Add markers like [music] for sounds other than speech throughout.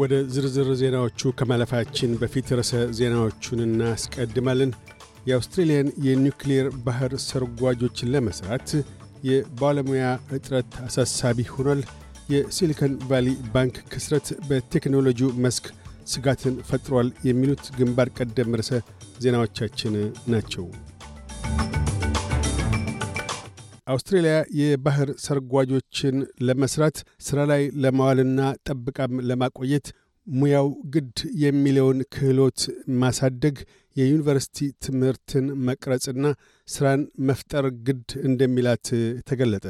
ወደ ዝርዝር ዜናዎቹ ከማለፋችን በፊት ርዕሰ ዜናዎቹን እናስቀድማለን። የአውስትሬልያን የኒውክሌር ባህር ሰርጓጆችን ለመሥራት የባለሙያ እጥረት አሳሳቢ ሆኗል። የሲሊኮን ቫሊ ባንክ ክስረት በቴክኖሎጂው መስክ ስጋትን ፈጥሯል። የሚሉት ግንባር ቀደም ርዕሰ ዜናዎቻችን ናቸው። አውስትሬልያ የባህር ሰርጓጆችን ለመስራት ሥራ ላይ ለማዋልና ጠብቃም ለማቆየት ሙያው ግድ የሚለውን ክህሎት ማሳደግ የዩኒቨርስቲ ትምህርትን መቅረጽና ሥራን መፍጠር ግድ እንደሚላት ተገለጠ።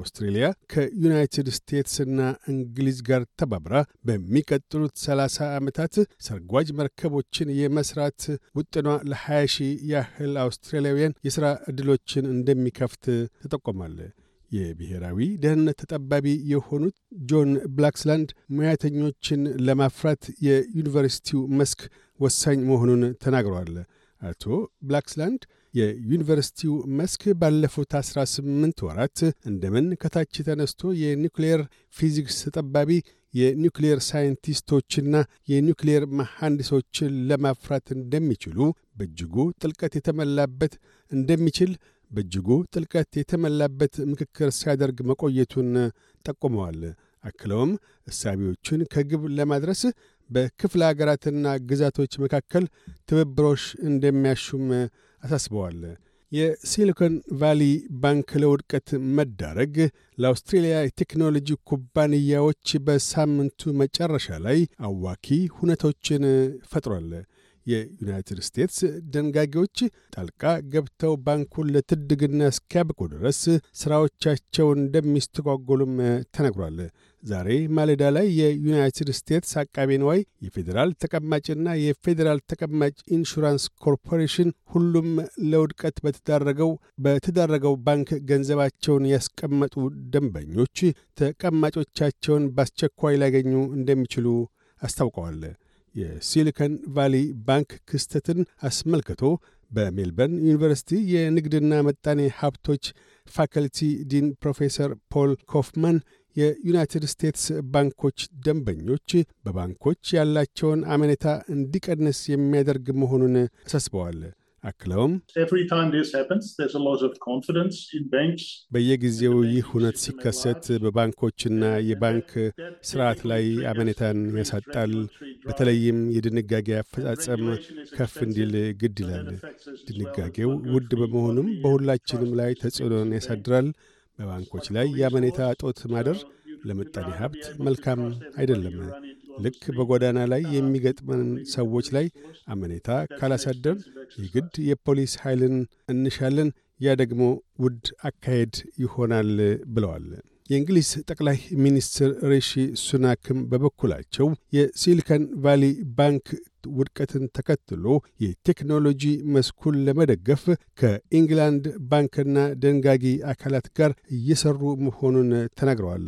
አውስትሬልያ ከዩናይትድ ስቴትስና እንግሊዝ ጋር ተባብራ በሚቀጥሉት 30 ዓመታት ሰርጓጅ መርከቦችን የመስራት ውጥኗ ለ20 ሺህ ያህል አውስትራሊያውያን የሥራ ዕድሎችን እንደሚከፍት ተጠቆማል። የብሔራዊ ደህንነት ተጠባቢ የሆኑት ጆን ብላክስላንድ ሙያተኞችን ለማፍራት የዩኒቨርሲቲው መስክ ወሳኝ መሆኑን ተናግረዋል። አቶ ብላክስላንድ የዩኒቨርሲቲው መስክ ባለፉት 18 ወራት እንደምን ከታች ተነስቶ የኒውክሌር ፊዚክስ ተጠባቢ የኒውክሌር ሳይንቲስቶችና የኒውክሌር መሐንዲሶችን ለማፍራት እንደሚችሉ በእጅጉ ጥልቀት የተመላበት እንደሚችል በእጅጉ ጥልቀት የተመላበት ምክክር ሲያደርግ መቆየቱን ጠቁመዋል። አክለውም እሳቢዎቹን ከግብ ለማድረስ በክፍለ አገራትና ግዛቶች መካከል ትብብሮች እንደሚያሹም አሳስበዋል። የሲሊኮን ቫሊ ባንክ ለውድቀት መዳረግ ለአውስትሬልያ የቴክኖሎጂ ኩባንያዎች በሳምንቱ መጨረሻ ላይ አዋኪ ሁነቶችን ፈጥሯል። የዩናይትድ ስቴትስ ደንጋጌዎች ጣልቃ ገብተው ባንኩን ለትድግና እስኪያብቁ ድረስ ሥራዎቻቸው እንደሚስተጓጎሉም ተነግሯል። ዛሬ ማለዳ ላይ የዩናይትድ ስቴትስ አቃቤ ንዋይ የፌዴራል ተቀማጭና የፌዴራል ተቀማጭ ኢንሹራንስ ኮርፖሬሽን ሁሉም ለውድቀት በተዳረገው በተዳረገው ባንክ ገንዘባቸውን ያስቀመጡ ደንበኞች ተቀማጮቻቸውን በአስቸኳይ ሊያገኙ እንደሚችሉ አስታውቀዋል። የሲሊከን ቫሊ ባንክ ክስተትን አስመልክቶ በሜልበርን ዩኒቨርሲቲ የንግድና መጣኔ ሀብቶች ፋከልቲ ዲን ፕሮፌሰር ፖል ኮፍማን የዩናይትድ ስቴትስ ባንኮች ደንበኞች በባንኮች ያላቸውን አመኔታ እንዲቀንስ የሚያደርግ መሆኑን አሳስበዋል። አክለውም በየጊዜው ይህ ሁነት ሲከሰት በባንኮችና የባንክ ስርዓት ላይ አመኔታን ያሳጣል። በተለይም የድንጋጌ አፈጻጸም ከፍ እንዲል ግድ ይላል። ድንጋጌው ውድ በመሆኑም በሁላችንም ላይ ተጽዕኖን ያሳድራል። በባንኮች ላይ የአመኔታ እጦት ማደር ለምጣኔ ሀብት መልካም አይደለም። ልክ በጎዳና ላይ የሚገጥመን ሰዎች ላይ አመኔታ ካላሳደር የግድ የፖሊስ ኃይልን እንሻለን። ያ ደግሞ ውድ አካሄድ ይሆናል ብለዋል። የእንግሊዝ ጠቅላይ ሚኒስትር ሪሺ ሱናክም በበኩላቸው የሲሊከን ቫሊ ባንክ ውድቀትን ተከትሎ የቴክኖሎጂ መስኩን ለመደገፍ ከኢንግላንድ ባንክና ደንጋጊ አካላት ጋር እየሰሩ መሆኑን ተናግረዋል።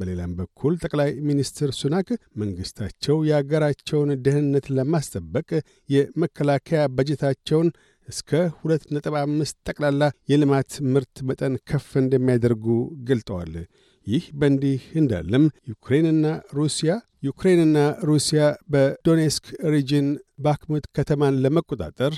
በሌላም በኩል ጠቅላይ ሚኒስትር ሱናክ መንግሥታቸው የአገራቸውን ደህንነት ለማስጠበቅ የመከላከያ በጀታቸውን እስከ 2.5 ጠቅላላ የልማት ምርት መጠን ከፍ እንደሚያደርጉ ገልጠዋል። ይህ በእንዲህ እንዳለም ዩክሬንና ሩሲያ ዩክሬንና ሩሲያ በዶኔስክ ሪጅን ባክሙት ከተማን ለመቆጣጠር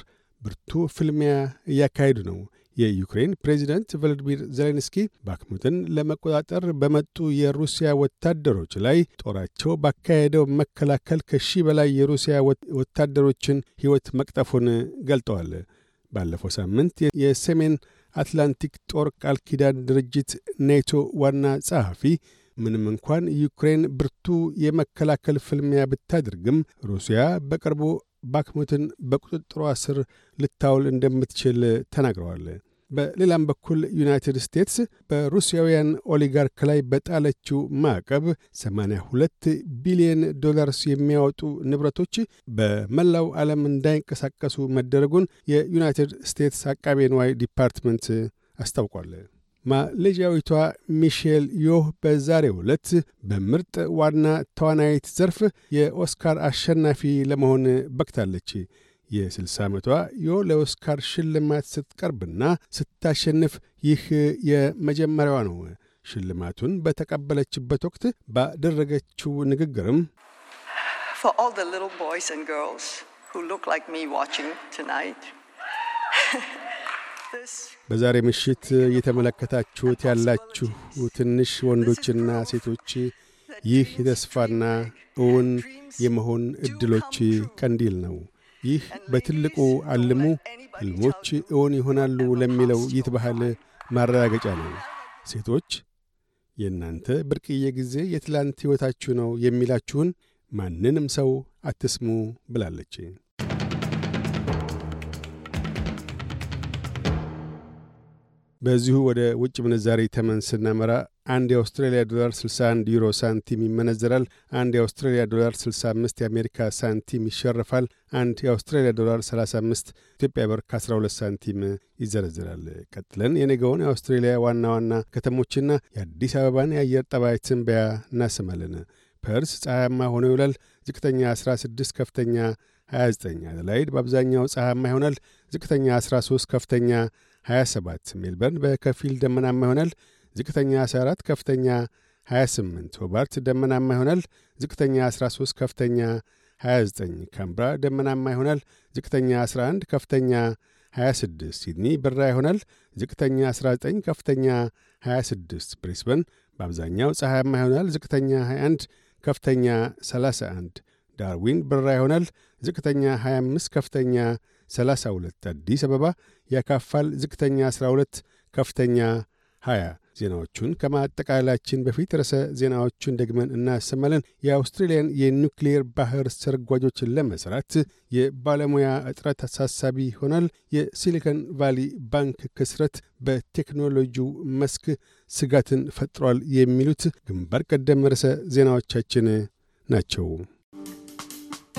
ብርቱ ፍልሚያ እያካሄዱ ነው። የዩክሬን ፕሬዚደንት ቮሎዲሚር ዜሌንስኪ ባክሙትን ለመቆጣጠር በመጡ የሩሲያ ወታደሮች ላይ ጦራቸው ባካሄደው መከላከል ከሺህ በላይ የሩሲያ ወታደሮችን ሕይወት መቅጠፉን ገልጠዋል። ባለፈው ሳምንት የሰሜን አትላንቲክ ጦር ቃል ኪዳን ድርጅት ኔቶ ዋና ጸሐፊ ምንም እንኳን ዩክሬን ብርቱ የመከላከል ፍልሚያ ብታደርግም ሩሲያ በቅርቡ ባክሙትን በቁጥጥሯ ስር ልታውል እንደምትችል ተናግረዋል። በሌላም በኩል ዩናይትድ ስቴትስ በሩሲያውያን ኦሊጋርክ ላይ በጣለችው ማዕቀብ 82 ቢሊዮን ዶላርስ የሚያወጡ ንብረቶች በመላው ዓለም እንዳይንቀሳቀሱ መደረጉን የዩናይትድ ስቴትስ አቃቤ ንዋይ ዲፓርትመንት አስታውቋል። ማሌዥያዊቷ ሚሼል ዮህ በዛሬ ዕለት በምርጥ ዋና ተዋናይት ዘርፍ የኦስካር አሸናፊ ለመሆን በቅታለች። የ60 ዓመቷ ዮ ለኦስካር ሽልማት ስትቀርብና ስታሸንፍ ይህ የመጀመሪያዋ ነው። ሽልማቱን በተቀበለችበት ወቅት ባደረገችው ንግግርም For all the little boys and girls who look like me watching tonight [laughs] በዛሬ ምሽት እየተመለከታችሁት ያላችሁ ትንሽ ወንዶችና ሴቶች ይህ የተስፋና እውን የመሆን ዕድሎች ቀንዲል ነው። ይህ በትልቁ አልሙ ሕልሞች እውን ይሆናሉ ለሚለው ይት ባህል ማረጋገጫ ነው። ሴቶች የእናንተ ብርቅዬ ጊዜ የትላንት ሕይወታችሁ ነው የሚላችሁን ማንንም ሰው አትስሙ ብላለች። በዚሁ ወደ ውጭ ምንዛሪ ተመን ስናመራ አንድ የአውስትራሊያ ዶላር 61 ዩሮ ሳንቲም ይመነዘራል። አንድ የአውስትራሊያ ዶላር 65 የአሜሪካ ሳንቲም ይሸርፋል። አንድ የአውስትራሊያ ዶላር 35 ኢትዮጵያ ብር ከ12 ሳንቲም ይዘረዝራል። ቀጥለን የነገውን የአውስትሬሊያ ዋና ዋና ከተሞችና የአዲስ አበባን የአየር ጠባይ ትንበያ እናሰማለን። ፐርስ ፀሐያማ ሆኖ ይውላል። ዝቅተኛ 16፣ ከፍተኛ 29። አደላይድ በአብዛኛው ፀሐያማ ይሆናል። ዝቅተኛ 13፣ ከፍተኛ 27 ሜልበርን በከፊል ደመናማ ይሆናል። ዝቅተኛ 14 ከፍተኛ 28 ሆባርት ደመናማ ይሆናል። ዝቅተኛ 13 ከፍተኛ 29 ካምብራ ደመናማ ይሆናል። ዝቅተኛ 11 ከፍተኛ 26 ሲድኒ ብራ ይሆናል። ዝቅተኛ 19 ከፍተኛ 26 ብሪስበን በአብዛኛው ፀሐያማ ይሆናል። ዝቅተኛ 21 ከፍተኛ 31 ዳርዊን ብራ ይሆናል። ዝቅተኛ 25 ከፍተኛ 32 አዲስ አበባ ያካፋል። ዝቅተኛ 12 ከፍተኛ 20። ዜናዎቹን ከማጠቃላላችን በፊት ርዕሰ ዜናዎቹን ደግመን እናሰማለን። የአውስትሬልያን የኒውክሌር ባህር ሰርጓጆችን ለመስራት የባለሙያ እጥረት አሳሳቢ ይሆናል። የሲሊኮን ቫሊ ባንክ ክስረት በቴክኖሎጂው መስክ ስጋትን ፈጥሯል። የሚሉት ግንባር ቀደም ርዕሰ ዜናዎቻችን ናቸው።